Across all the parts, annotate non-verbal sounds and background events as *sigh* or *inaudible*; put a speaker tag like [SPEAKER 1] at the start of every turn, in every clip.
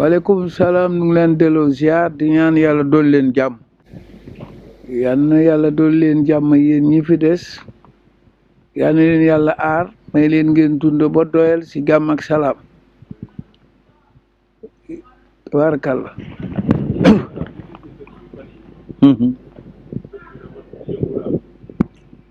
[SPEAKER 1] waalaikumsalam salam nu ngi delo dolin ziar di ñaan dolin dool leen jam yal na yàlla dool leen jam yéen ñi fi des leen ar may leen ngeen tundo ba doyal si jàmm ak salaam tabarakallah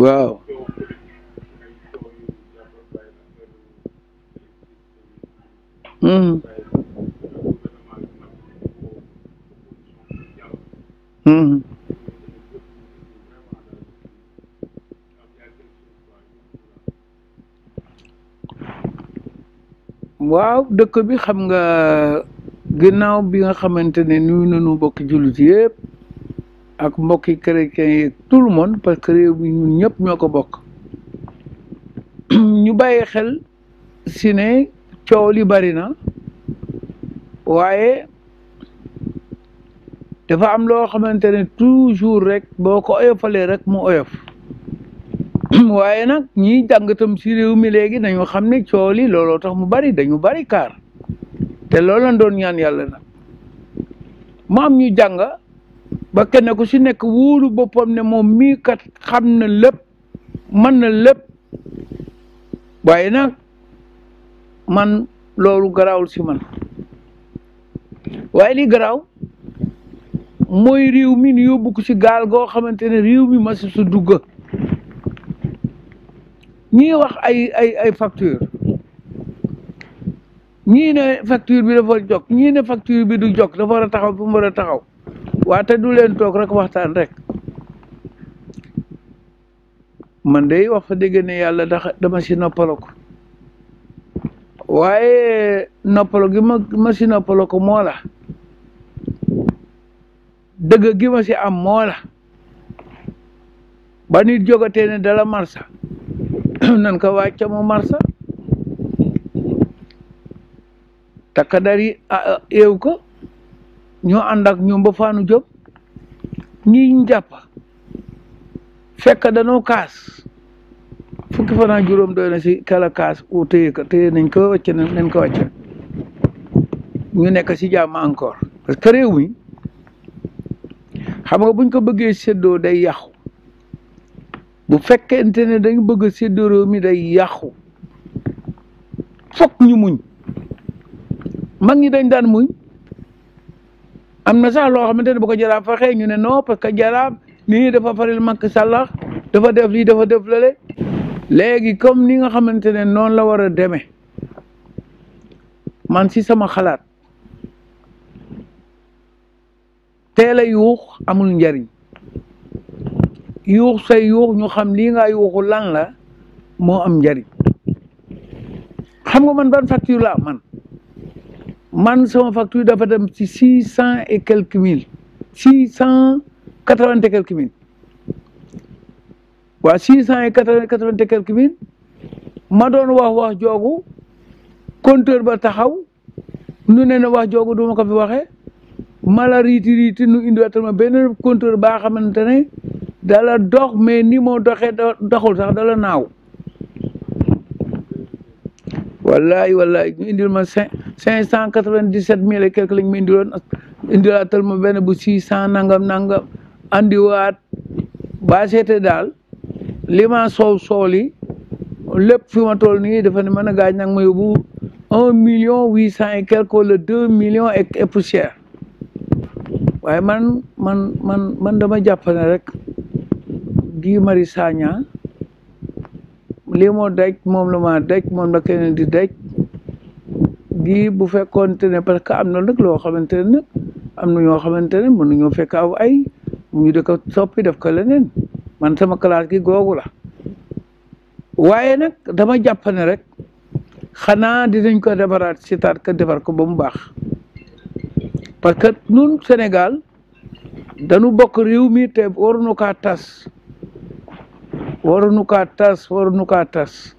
[SPEAKER 1] *coughs* wow mm waaw dëkk bi xam nga ginnaaw bi nga xamante ne nuyu nañu bokk jullit yëpp ak mbokki chrétien yeeg tout le monde parce que réew mi ñun ñëpp ñoo ko bokk *clears throat* ñu bàyyi xel si ne coow li bari na waaye dafa am loo xamante ne toujours rek boo ko oyofalee rek mu oyof *coughs* waaye nag ñiy jàngatam si réew mi léegi dañu xam ne cool yi looloo tax mu bari dañu bari kaar te loolu doon ñaan yàlla nag mu am ñu jàng ba kenn ku si nekk wóoru boppam ne moom mii ka xam na lépp man na lépp waaye nag man loolu garaawul si man waaye li garaaw mooy réew mi nu yóbbu ko si gaal goo xamante ne réew mi ma si su dugg ñi wax ay ay ay facture ñi ne facture bi dafa jog ñi ne facture bi du jog dafa war ra taxaw bu mu ra taxaw wa ta du len tok rek waxtan rek man day wax fa dégg ne yalla da dama ci noppaloo ko waaye noppaloo gi ma ma ci noppaloo ko mola la gi ma ci am moo la ba nit jogate ne dala marsa *clears throat* nan ka wacce mo marsa takadari dari ko ño andak ak ba faanu job ñi jàppa fekk no kaas fukki fanaa juróom do na si kala kaas u teye ko teye nañ ko wacce nañ ko wacce ñu nekk si jamm encore parce que rew mi xam nga buñ ko bëggee seddo day bu fekkente ne dañ bëgg a séddoo réew mi day yàqu fokk ñu muñ mag ñi dañ daan muñ am na sax loo xamante ne bu ko jaraaf waxee ñu ne non parce que jaraaf nii dafa faril Macky Sall dafa def lii dafa def lale léegi comme ni nga xamante ne noonu la war a demee man si sama xalaat teel a yuux amul njariñ yuux say yuux ñu xam lii ngaa yuuxu lan la moo am njariñ xam nga man ban facture la man man sama facture dafa dem ci six cent et quelques mille six cent quatre vingt et quelques mille waa six cent et quatre vingt et quelques mille ma doon wax wax joogu compteur ba taxaw nu ne na wax joogu du ma ko fi mala riiti riiti nu indiwaat ma benn compteur baa xamante ne dala dox mais ni moo doxe doxul sax dala naaw wallaay wallaay ñu indil ma cinq cinq cent quatre vingt dix sept mille et quelque lañ ma indiloon indilaatal ma benn bu six nangam nangam andiwaat baa seete daal li ma soow sool yi lépp fi ma toll nii dafa ne mën a nag ma yóbbu million huit cent et quelque wala deux millions et poussière waaye man man man man dama jàpp rek Guy Marius Sagna lii moo daj moom la ma daj moom la keneen di daj gii bu fekkoonte ne parce que am na la loo xamante ne am na ñoo xamante ne mën nañoo fekk aw ay mu di ko soppi def ko leneen man sama classe gi googu la waaye nag dama jàpp rek xanaa dinañ ko defaraat si ka defar ko ba mu baax parce que nun Sénégal dañu bokk réew mi te waruñu kaa tas waruñu kaa tas waruñu kaa tas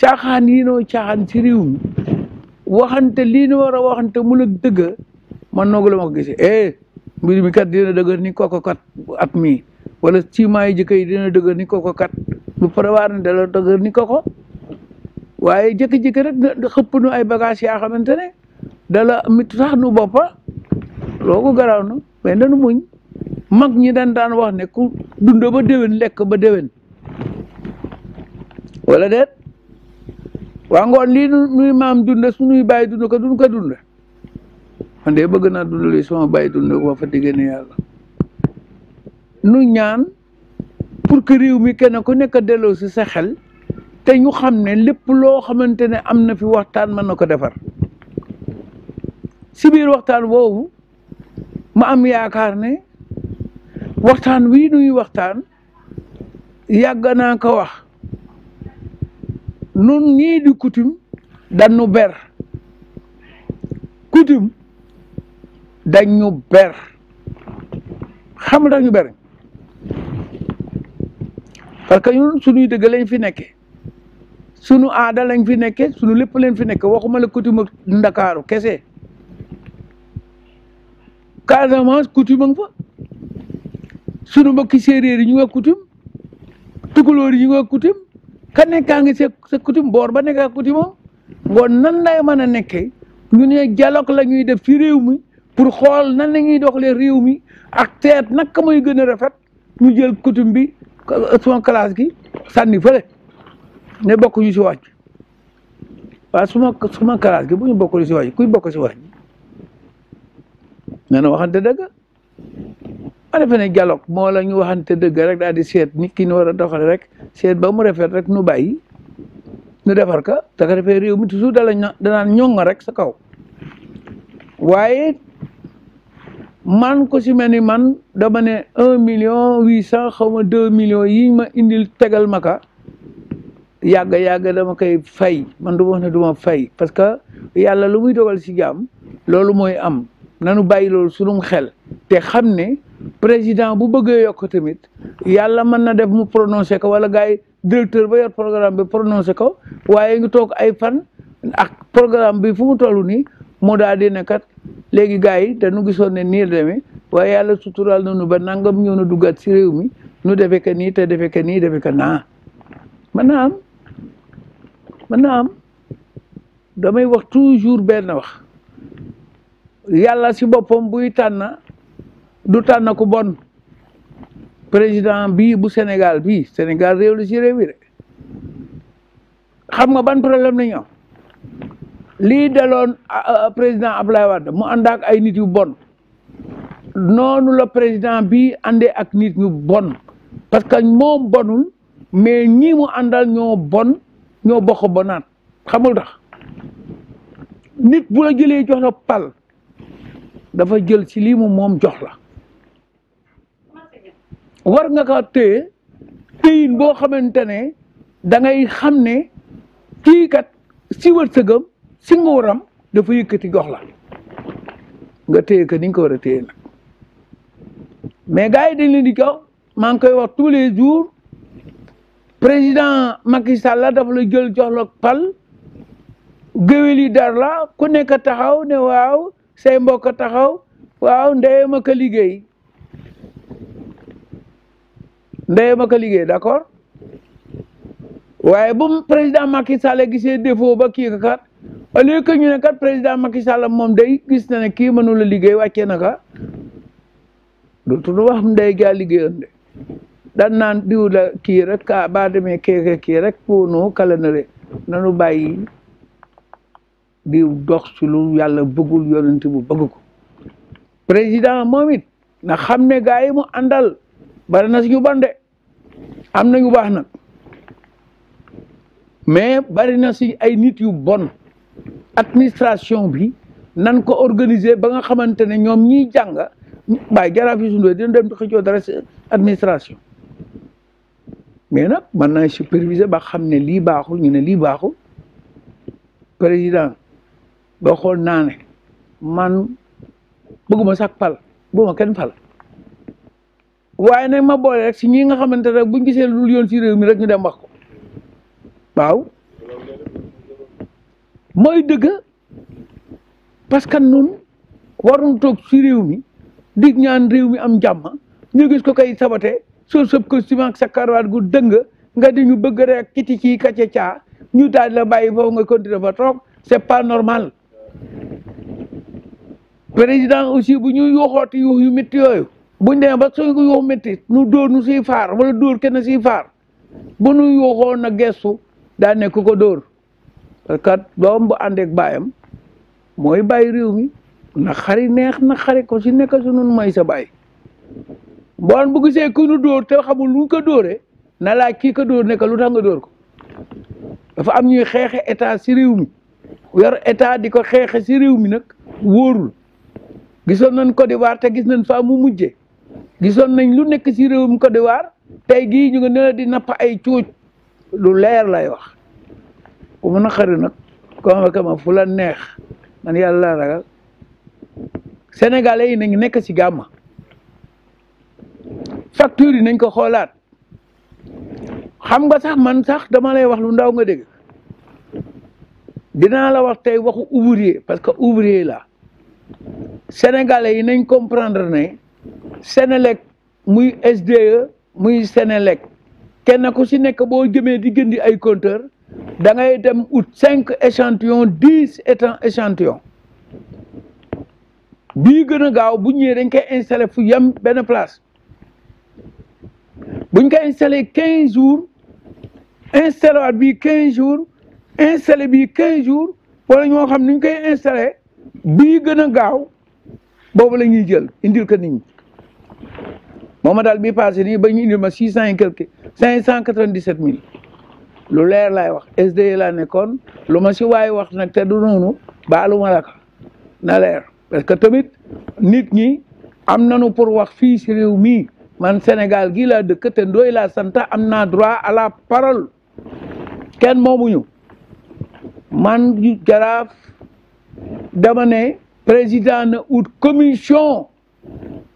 [SPEAKER 1] caaxaan yi noo caaxaan ci réew mi waxante lii nu war a waxante mu la dëgg man noogu la ma ko gisee eh mbir mi kat dina dëgër ni koko kat at mii wala ciment yi jëkk yi dina dëgër ni koko kat lu prévoir ne dala dëgër ni koko waaye jëkki-jëkki rek xëpp nu ay bagages yaa xamante ne dala mit sax nu boppa loogu garaaw na mais muñ mag ñi daan daan wax ne ku dund ba déwén lekk ba déwén wala déet waa ngoon lii maam maam dund suñuy bàyyi dund ko duñ ko dund man de bëgg naa dund lii sama bàyyi dund ko fa diggante yàlla nu ñaan pour que réew mi kenn ku nekk delloo si sa xel te ñu xam ne lépp loo xamante ne am na fi waxtaan mën na ko defar si biir waxtaan woowu ma am yaakaar ne waxtaan wii nuy waxtaan yàgg naa ko wax nun ñii di coutume dañu ber coutume dañu ber xam ñu ber parce que ñun suñuy dëgg lañ fi nekke sunu aada lañ fi nekke sunu lépp leen fi nekke waxuma la coutume ak ndakaaru kese Casamance coutume nga fa sunu mbokki séeréer yi ñu nga coutume tukulóor yi ñu nga coutume ka nekkaa ngi sa sa coutume boor ba nekkaa coutume am ngoon nan lay mën a nekkee ñu ne dialogue la ñuy def ci réew mi pour xool nan la ñuy doxalee réew mi ak teet naka mooy gën a rafet ñu jël coutume bi son kalaas gi sànni fële ne bokk ñu si wàcc waaw suma suma classe gi bu ñu bokk si wàcc kuy bokk si wàcc nee na waxante ma defe ne dialogue mo la ñu waxante dëgg rek daal di seet nit ki ñu wara doxal rek seet ba mu rafet rek nu bayyi nu defar ka ta ko defee réew mi toujours da danaan ñong rek sa kaw waaye man ko si melni man dama ne 1 million 800 xawma 2 ma yi ma indil tegal maka yag yag yàgg dama kay fay man duma ma wax ne du fay parce que yalla lu muy dogal si jaam lolu moy am nanu bàyyi loolu sunum xel te xam ne président bu bëggee yokk tamit yàlla mën na def mu prononcé ko wala gars yi directeur ba yor programme bi prononcé ko waaye ngi toog ay fan ak programme bi fu mu toll nii moo daal di ne kat léegi gars yi dañu gisoon ne nii la waaye yàlla suturaal nañu ba nangam ñëw na duggaat si réew mi nu defee que nii te defee que nii defee que naa mën naa am mën naa am damay wax toujours benn wax yàlla si boppam buy tànn du tànn ku bon président bi bu Sénégal bii Sénégal réew la si réew yi xam nga ban problème la ñu am lii daloon président Ablaye Wade mu ànd ak ay nit yu bon noonu la président bi àndee ak nit ñu bon parce que moom bonul mais ñii mu àndal ñoo bon ñoo bokk bonaat xamul tax nit bu la jëlee jox la pal dafa jël ci lii mu moom jox la war nga ka té téyin bo xamantene da ngay xamné ki kat si wërsëgam ci nguuram dafa yëkëti jox la nga té ke ni nga ko war a téye mais gaay dañ leen di ko maa ngi koy wax tous les jours président Macky Sall dafa la jël jox la pal geweli dar la ku nekk taxaw ne waw say mbokk taxaw waaw ndeyam ak a liggéey ndeyam ak a liggéey d'accord waaye bu président Macky Sall gisee défaut ba kii kat au lieu que ñu ne kat président Macky Sall moom day gis na ne kii mënula liggéey wàccee na ka dootul wax ndey gaa liggéeyoon de dan naan diw la kii ka baa demee keeke kii rek nu kala na nanu bàyyi di dox ci lu yàlla bëggul yonent bu bëgg ko président moom it na xam ne gars yi mu àndal bari na suñu bande am na ñu baax nag mais bari na si ay nit yu bon administration bi nan ko organiser ba nga xamante ne ñoom ñiy jàng bàyyi jaraaf yi sundooy dina dem di xëccoo dara administration mais na mën na superviser ba xam ne lii baaxul ñu ne lii baaxul président ba xool naa ne man bëgguma sax pal bëgguma kenn pal waaye ne ma boole rek si ñi nga xamante ne buñ gisee lu yoon si réew mi rek ñu dem wax waaw mooy dëgg parce que nun waruñ toog si réew mi dig ñaan réew mi am jàmm ñu gis ko kay sabote soo sëb costume ak sa karawaat gu dëng nga di ñu bëgg rek kiti kii kaca ñu daal la bàyyi foofu nga continuer ba toog c'est pas normal président aussi bu ñu yuuxooti yuux yu métti yooyu buñ demee ba suñ ko yuux métti nu dóor nu siy wala dóor kenn siy faar bu nu yuuxoon na gestu daa nekk ko dóor parce que doom bu ànd ak baayam mooy bàyyi réew mi na xari neex na xari ko si nekka su nun may sa bàyyi bon bu gisee ku nu dóor te xamul lu ko dóoree na laaj kii ko dóor nekk lu tax nga ko dafa am ñuy xeexe état si réew mi yor état di ko xeexe si réew mi nag wóorul gisoon nañ Côte d'Ivoire te gis nañ faa mu mujje gisoon nañ lu nekk si réewum Côte d'Ivoire tey gii ñu nga ne di napp ay cuuc lu leer lay wax ku mën a xari nag convoqué ma fu la neex man yàlla laa ragal sénégalais yi nañ nekk si gàmma facture yi nañ ko xoolaat xam nga sax man sax dama lay wax lu ndaw nga dégg dinaa la wax tey waxu ouvrier parce que ouvrier la sénégalais yi nañ comprendre ne Sénélec muy SDE muy Sénélec kenn ku si nekk boo jëmee di jëndi ay compteur da ngay dem ut cinq échantillon dix étant échantillon bii gën gaaw bu ñëwee dañ koy installé fu yem benn place buñ koy installé quinze jours installé waat bii quinze jours installé bii 15 jours wala ñoo xam ni ñu koy installé bii gën a gaaw boobu la ñuy jël indil ko nit ñi moom ma daal bii passé nii ba ñu indil ma 600 et quelque 597 mille lu leer lay wax SDE laa nekkoon lu ma si waay wax nag te du noonu baalu ma la na leer parce que tamit nit ñi am nanu pour wax fii si réew mii man Sénégal gii laa dëkk te ndooy laa sant am naa droit à la parole kenn moomuñu man jaraaf dama ne président na ut commission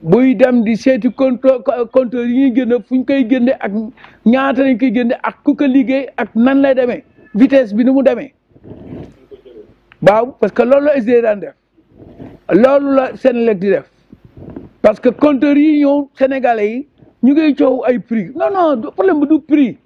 [SPEAKER 1] buy dem di seeti compteur compteur yi ñuy génne fu ñu koy génne ak ñaata lañ koy génne ak ku ko liggéey ak nan lay demee vitesse bi ni mu demee waaw parce que loolu la SDE daan def loolu la Senelec di def parce que compteur yi ñëw Sénégalais yi ñu ngi coow ay pri non non problème bu du prix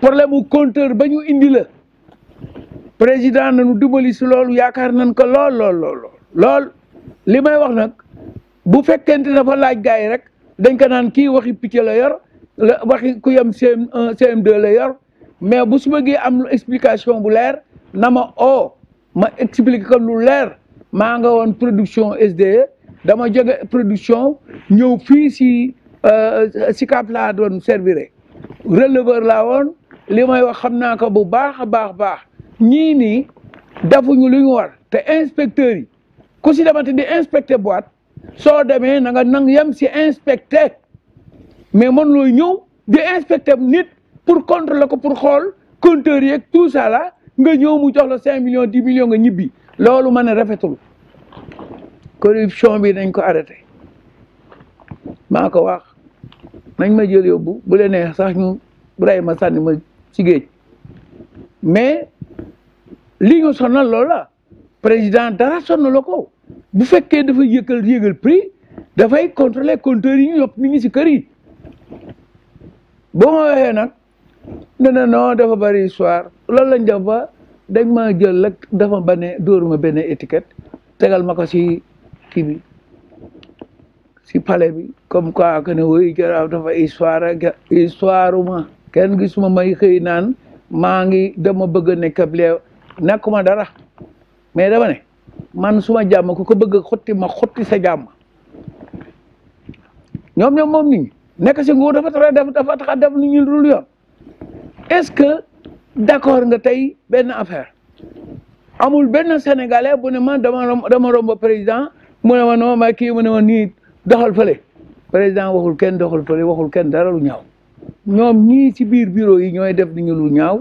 [SPEAKER 1] problème mu compteur ba ñu indi la président nañu dimbali si loolu yaakaar nañ ko lool lool lool li may wax nag bu fekkente dafa laaj gars yi rek dañ ko naan kii waxi picc la yor la waxi ku yem CM1 euh, CM2 la yor mais bu su bëggee am explication bu leer na ma oo oh, ma expliqué ko lu leer maa nga woon production SDE dama jóge production ñëw fii si euh, SICAP laa doon servir releveur laa woon. limay wax xamna ko bu baax a baax baax ñii nii defuñu lu ñu war te inspecteur yi ku ci demante di inspecter boîte so demee na nga nang yam ci inspecter mais mon loy ñew di inspecter nit pour contrôler ko pour xol compteur yi ak tout ça la nga ñew mu jox la 5 millions 10 millions nga ñibi lolu mané rafetul corruption bi dañ ko arrêté mako wax nañ ma jël yobbu bu le neex sax ñu ray ma sànni ma ci géej mais li nga sonal loolu la président dara sonal ko bu fekkee dafa yëkkal yëgal prix dafay contrôler compteurs yi ñu yóbbu nit ngi si kër yi boo ma waxee nag ne na dafa bari histoire loolu lañ def ba dañ maa jël dafa bane dóor ma benn étiquette tegal ma ko si kii bi si pale bi comme quoi que ne woy jaraaw dafa histoire histoire uma kenn gisuma may xey nan ma ngi dama bëgg nek nekk ab leew nekkuma dara mais dama ne man suma jamm ko ko bëgg xoti ma xoti sa jamm ñom ñom mom ni nek ci ngoo dafa tara dafa dafa tax def ni ñu dul yoon est-ce que d'accord nga tay ben affaire amul ben sénégalais bu ne man dama dama romb président mu ne ma no ma ki mu ne ma doxal fele président waxul ken doxal fele waxul ken dara lu ñaw ñoom ñii ci biir bureau yi ñooy def ñu lu ñaaw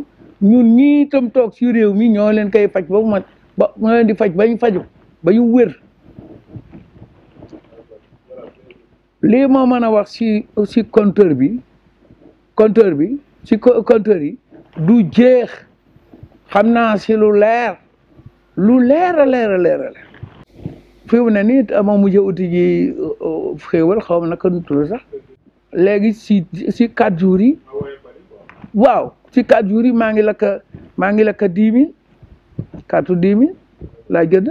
[SPEAKER 1] ñun ñii itam toog ci réew mi ñoo leen koy faj ba mu mat ba leen di faj ba ñu faju ba ñu wér lii moo mën a wax si ci compteur bi compteur bi ci compteur yi du jeex xam naa si lu leer lu leer a leer leer a leer fi mu ne nii ama mujj uti ji euh, euh, xéewal xaw ma naka nu tudd sax léegi si si quatre jours yi waaw si quatre jours yi maa ngi lakk maa ngi lakk dix mille quatre dix mille laa jënd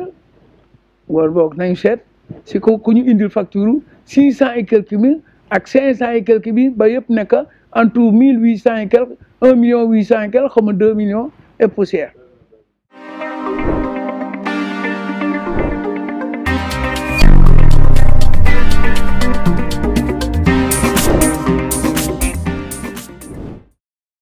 [SPEAKER 1] war boog nañu chet si ko ku ñu indil facture six cent et quelques mille ak cinq cent et quelques mille ba yëpp nekk entre mille huit cent et quelques un million huit cent et quelques xaw ma deux millions et poussière